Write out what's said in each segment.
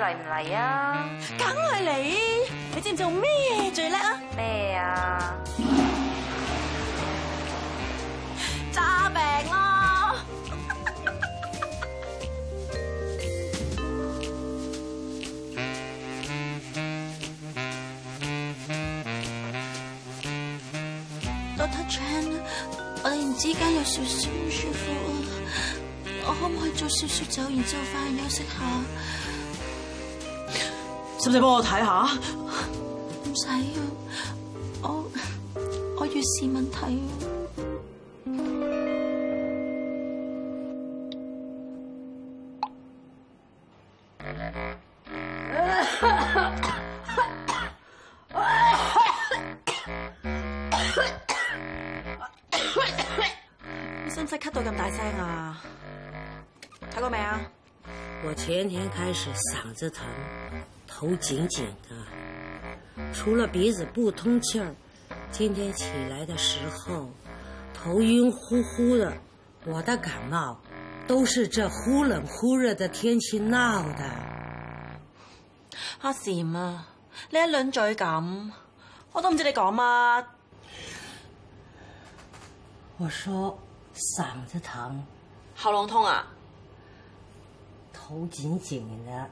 嚟唔嚟啊？梗係嚟！你知唔知我咩最叻麼病啊？咩啊？詐病咯！Doctor Chen，我突然之間有少少唔舒服啊，我可唔可以早少少走，然之後返去休息下？使唔使幫我睇下？唔使啊，我我要試問題啊！你使唔使咳到咁大聲啊？睇過未啊？我前天開始嗓子疼。頭緊緊的，除了鼻子不通氣兒，今天起來的時候，頭暈乎乎的。我的感冒，都是這忽冷忽熱的天氣鬧的。阿賢啊，你一輪嘴咁，我都唔知你講乜。我說嗓子疼，喉嚨痛啊，頭緊緊的。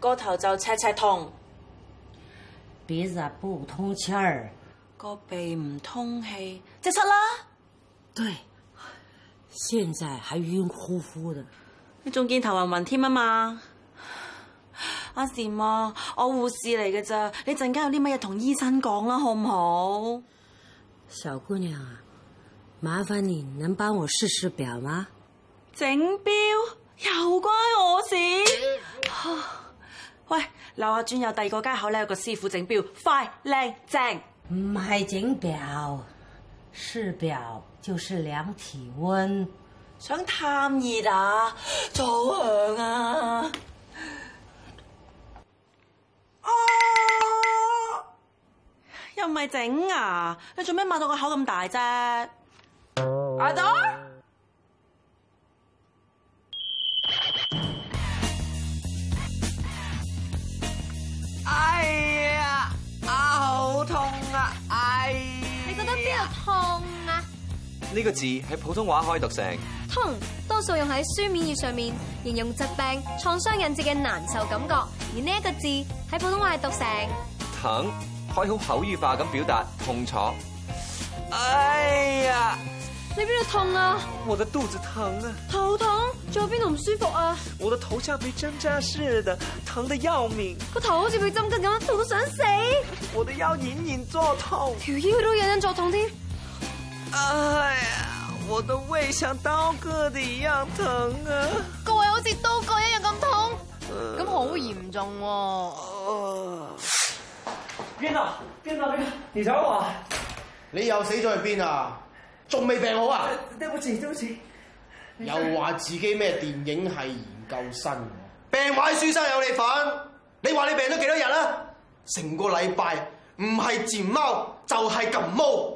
個頭就赤赤痛，鼻子啊不通氣，個鼻唔通氣，即七啦。對，現在還暈乎乎的，你仲見頭暈暈添啊嘛？阿啊，我護士嚟嘅咋，你陣間有啲乜嘢同醫生講啦，好唔好？小姑娘啊，麻煩你能幫我試試表嗎？整表又關我事？ 喂，樓下轉右第二個街口咧，有個師傅整表，快靚正。唔係整表，試表就是量體溫，想探熱啊，早響啊。 哦、又唔係整牙？你做咩擘到個口咁大啫？阿朵。 呢個字喺普通話可以讀成痛，多數用喺書面語上面形容疾病、創傷引致嘅難受感覺。而呢一個字喺普通話係讀成疼，可以好口語化咁表達痛楚。哎呀，你邊度痛啊？我的肚子疼啊！頭痛，仲有邊度唔舒服啊？我的頭像被針扎似的，疼得要命。個頭好似被針扎咁，痛到想死。我的腰隱隱作痛，條腰都隱隱作痛添。哎呀，我都胃像刀割的一樣疼啊！個胃好似刀割一樣咁痛，咁好嚴重哦、啊！邊、呃、個？邊個？邊個？你走啊！你又死咗去邊啊？仲未病好啊？對不起，對不起。又話自己咩電影係研究生？ 病壞書生有你份！你話你病咗幾多日啊？成個禮拜，唔係賤貓就係禁毛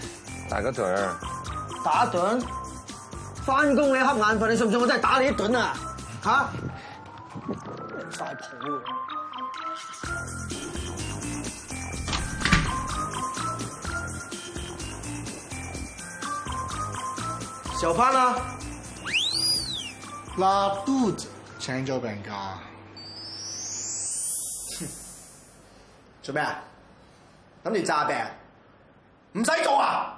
打個盹，打盹，翻工你瞌眼瞓，你信唔信？我真係打你一頓啊！吓，大埔，小潘啊，拉肚子，請咗病假，做咩啊？諗住你詐病，唔使做啊！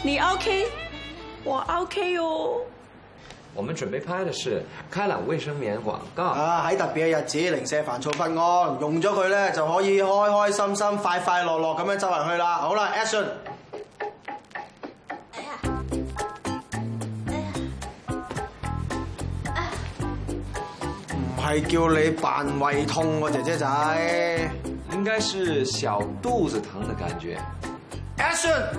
你 OK，我 OK 哦。我們準備拍的是開朗衛生棉廣告啊！喺特別嘅日子，零舍煩躁不安，用咗佢咧就可以開開心心、快快樂樂咁樣周圍去啦。好啦，Action！哎呀！哎呀！唔、哎、係叫你扮胃痛啊，我姐姐仔。應該是小肚子疼的感覺。Action！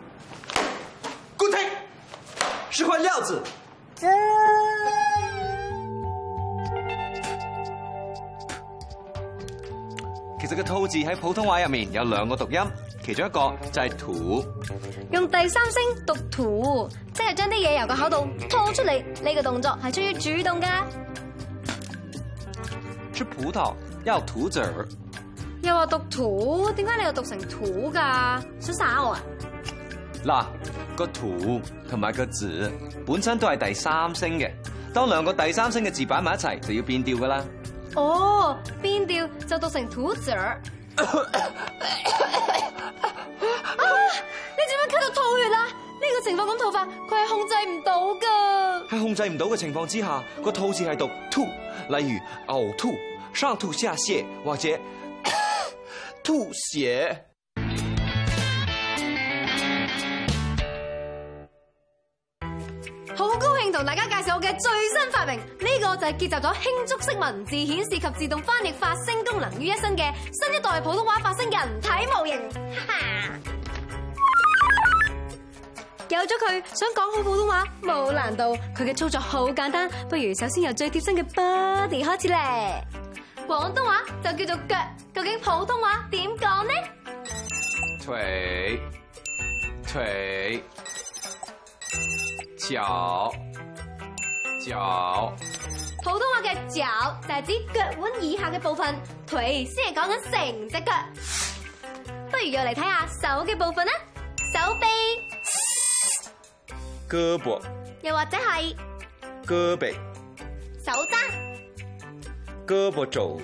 是塊料子。其實個“吐”字喺普通話入面有兩個讀音，其中一個就係“土”。用第三聲讀“土”，即係將啲嘢由個口度吐出嚟。呢、這個動作係出於主動噶。吃葡萄要吐籽兒。又話讀“土”，點解你又讀成“土”噶？想耍我啊？嗱。個土同埋個字本身都係第三聲嘅，當兩個第三聲嘅字擺埋一齊就要變調噶啦。哦，變調就讀成土字。你點樣吸到吐血啦？呢個情況咁突發佢係控制唔到噶。喺控制唔到嘅情況之下，個吐字係讀吐，例如嘔吐、上吐下瀉、或者吐血。好高興同大家介紹我嘅最新發明，呢個就係結合咗輕觸式文字顯示及自動翻譯發聲功能於一身嘅新一代普通話發聲人體模型。哈哈，有咗佢，想講好普通話冇難度。佢嘅操作好簡單，不如首先由最貼身嘅 body 開始咧。廣東話就叫做腳，究竟普通話點講呢？腿，腿。腳，腳。普通話嘅腳就係指腳腕以下嘅部分，腿先係講緊成隻腳。不如又嚟睇下手嘅部分啦，手臂、胳膊，又或者係胳膊、手踭、胳膊肘，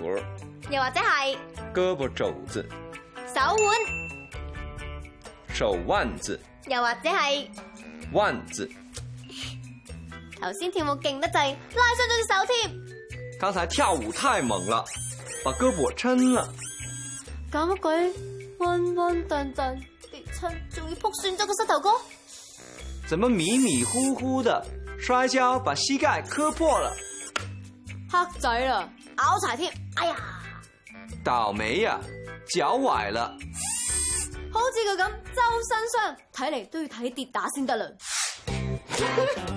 又或者係胳膊肘子、手腕、手腕子，又或者係腕子。頭先跳舞勁得滯，拉傷咗隻手添。剛才跳舞太猛了，把胳膊抻啦。搞乜鬼？暈暈沌沌跌親，仲要撲損咗個膝頭哥。怎麼迷迷糊糊的？摔跤把膝蓋磕破了。黑仔啦，拗柴添。哎呀，倒霉呀、啊，腳崴了。好似佢咁周身傷，睇嚟都要睇跌打先得嘞。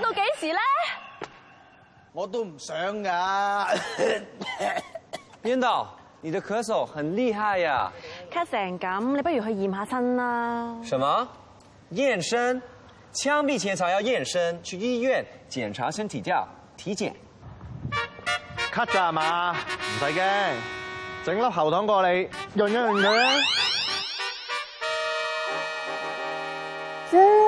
到幾時咧？我都唔想噶。編導，你的咳嗽很厲害呀、啊。咳成咁，你不如去驗一下身啦。什麼？驗身？槍斃前才要驗身，去醫院檢查身體調體體檢。咳咋嘛？唔使驚，整粒喉糖過嚟，潤一潤佢啦。嗯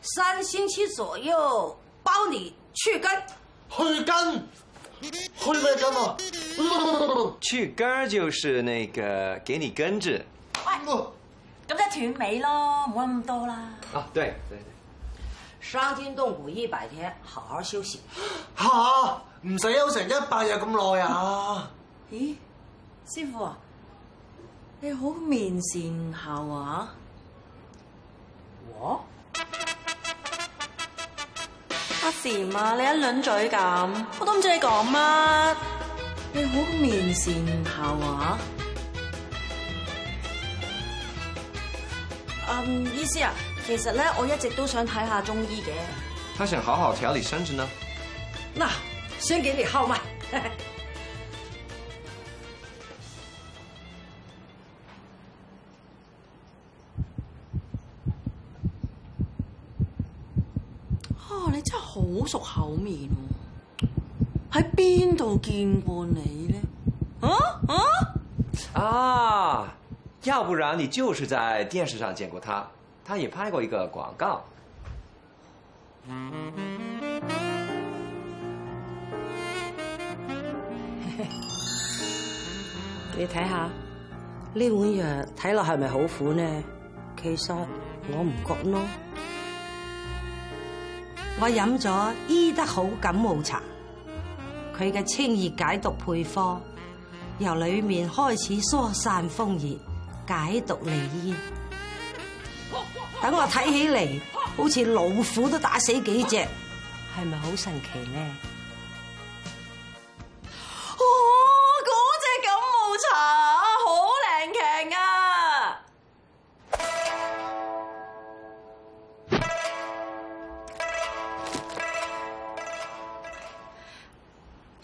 三星期左右包你去根，去根，去咩根啊？去根就是那個給你根治。師傅，咁即係斷尾咯，唔好咁多啦。啊，對對對，傷筋動骨一百天，好好休息。吓、啊，唔使休成一百日咁耐啊？咦， 師傅，你面好面善下啊？我？阿嬋啊，你一輪嘴咁，我都唔知你講乜。你好面善下話。嗯，um, 醫師啊，其實咧我一直都想睇下中醫嘅。他想好好調理身子呢。那先給你號脈。哇、哦！你真係好熟口面喎，哦，喺邊度見過你咧？啊啊！啊，要不然你就是在電視上見過他，他也拍過一個廣告。你睇下呢碗藥，睇落係咪好苦呢？其實我唔覺咯。我飲咗醫得好感冒茶，佢嘅清熱解毒配方，由裏面開始疏散風熱、解毒利咽。等我睇起嚟，好似老虎都打死幾隻，係咪好神奇呢？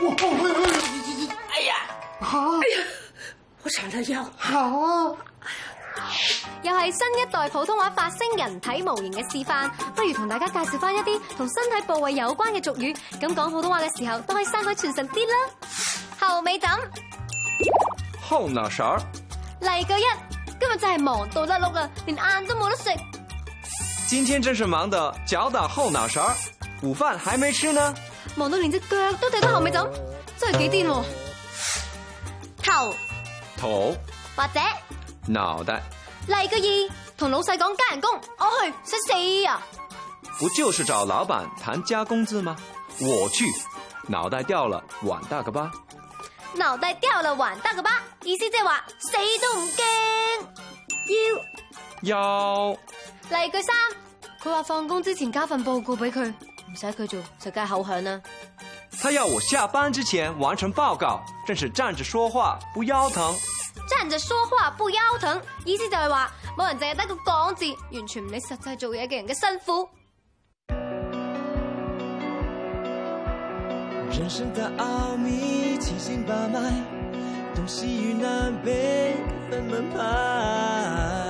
哎呀！好、哎！我閃得腰好、啊、又係新一代普通話發聲人體模型嘅示範，不如同大家介紹翻一啲同身體部位有關嘅俗語，咁講普通話嘅時候都可以生鬼傳神啲啦。後尾枕後腦勺。嚟個一，今日真係忙到甩碌啦，連晏都冇得食。今天真是忙得腳打後腦勺，午飯還沒吃呢。望到連隻腳都睇到後尾枕，真係幾癲喎、啊！頭頭或者腦袋，例句二，同老細講加人工，我去，想死啊！不就是找老闆談加工資嗎？我去，腦袋掉了，碗大個疤。腦袋掉了，碗大個疤，意思即係話死都唔驚。要腰腰例句三，佢話放工之前交份報告俾佢。唔使佢做就梗口響啦。響他要我下班之前完成報告，正是站着說話不腰疼。站着說話不腰疼，意思就係話冇人淨係得個講字，完全唔理實際做嘢嘅人嘅辛苦。人生的奧秘八脈東西南北分門派。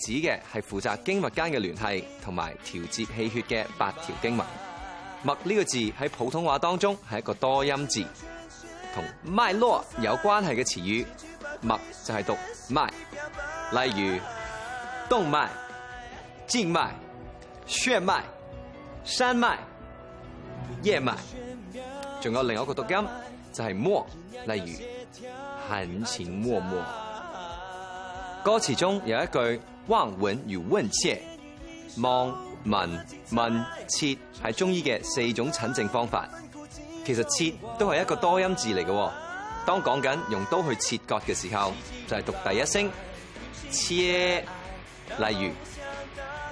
指嘅係負責經脈間嘅聯繫同埋調節氣血嘅八條經脈。脈呢個字喺普通話當中係一個多音字，同脈絡有關係嘅詞語，脈就係讀脈。例如動脈、靜脈、血脈、山脈、夜脈，仲有另外一個讀音就係、是、摸，例如含情脈脈，歌詞中有一句。望、聞、問、切，望、聞、問、切係中醫嘅四種診症方法。其實切都係一個多音字嚟嘅，當講緊用刀去切割嘅時候，就係、是、讀第一聲切。例如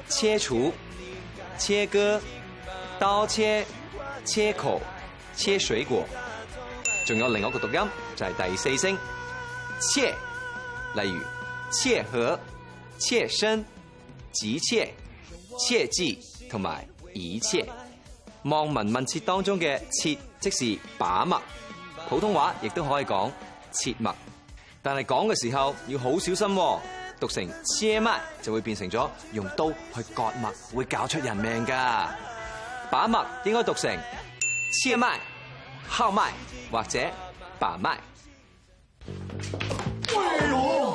切除」、「切割、刀切、切口、切水果，仲有另外一個讀音就係、是、第四聲切。例如切合」。切身、急切、切記同埋一切，望聞問切當中嘅“切”，即是把脈。普通話亦都可以講“切脈”，但係講嘅時候要好小心，讀成“切脈”就會變成咗用刀去割脈，會搞出人命噶。把脈應該讀成切脈“切脈”、“敲脈”或者把脈“把脈”。